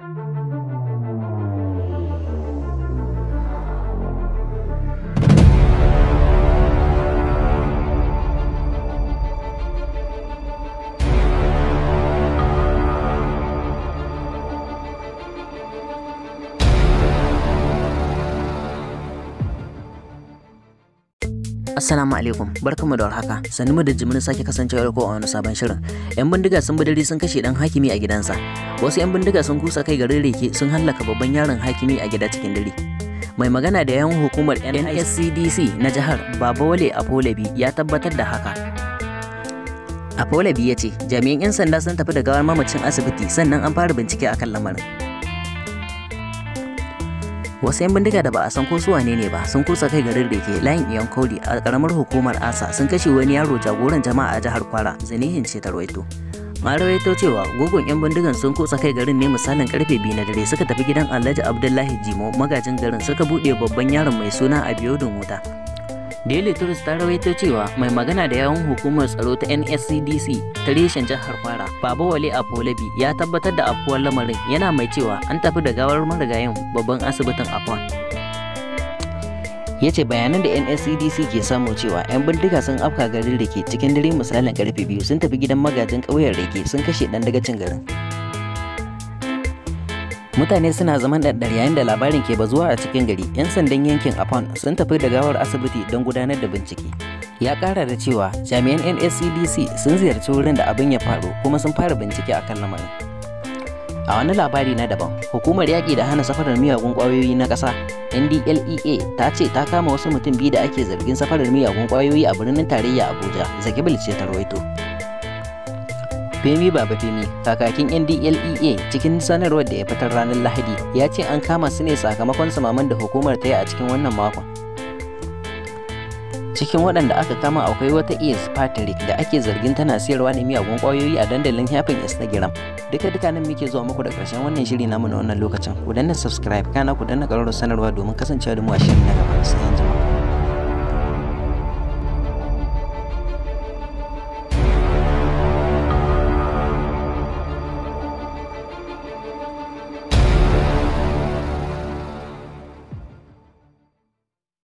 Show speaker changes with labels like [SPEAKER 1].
[SPEAKER 1] Thank you. Assalamu alaikum barkamu da warhaka sannu mu da jimin sake kasancewa ko a wani sabon shirin yan bindiga sun bi sun kashe dan hakimi a gidansa wasu yan bindiga sun kusa kai garin reke sun hallaka babban yaron hakimi a gida cikin dare mai magana da yan hukumar NSCDC na jihar Babawale Apolabi ya tabbatar da haka Apolabi ya ce jami'an 'yan sanda sun tafi da gawar mamacin asibiti sannan an fara bincike akan lamarin wasu 'yan bindiga da ba a san ko su wane ne ba sun kusa kai garin da ke layin iyan koli a karamar hukumar asa sun kashe wani yaro jagoran jama'a a jihar kwara zanihin ce tarwaito marawaito cewa gogon 'yan bindigan sun kusa kai garin ne misalin karfe biyu na dare suka tafi gidan alhaji abdullahi jimo magajin garin suka buɗe babban yaron mai suna a biyodin wuta Daily Trust ta rawaito cewa mai magana da yawun hukumar tsaro ta NSCDC ta reshen jihar Kwara, Baba Wale apolabi ya tabbatar da afkuwar lamarin yana mai cewa an tafi da gawar marigayin babban asibitin Afon. ya ce bayanan da nscdc ke samu cewa 'yan bindiga sun afka garin da ke cikin dare misalin karfe biyu sun tafi gidan magajin ƙauyen reke, sun kashe ɗan daga cin garin mutane suna zaman ɗaɗɗar yayin da labarin ke bazuwa a cikin gari 'yan sandan yankin Apon sun tafi da gawar asibiti don gudanar da bincike ya ƙara da cewa jami'an nscdc sun ziyarci wurin da abin ya faru kuma sun fara bincike akan lamarin a wani labari na daban hukumar yaƙi da hana safarar miyagun ƙwayoyi na ƙasa ndlea ta ce ta kama wasu mutum biyu da ake zargin safarar miyagun ƙwayoyi a birnin tarayya abuja zakibil ce ta rawaito Femi Baba Femi, kakakin NDLEA cikin sanarwar da ya fitar ranar Lahadi, ya ce an kama su ne sakamakon samaman da hukumar ta yi a cikin wannan makon. Cikin waɗanda aka kama akwai wata Ace Patrick da ake zargin tana siyarwa da miyagun ƙwayoyi a dandalin hafin Instagram. Duka duka nan muke zuwa muku da ƙarshen wannan shiri namu na wannan lokacin. Ku danna subscribe kana ku danna ƙararrawar sanarwa domin kasancewa da mu a shirin na gaba. Sai an jima.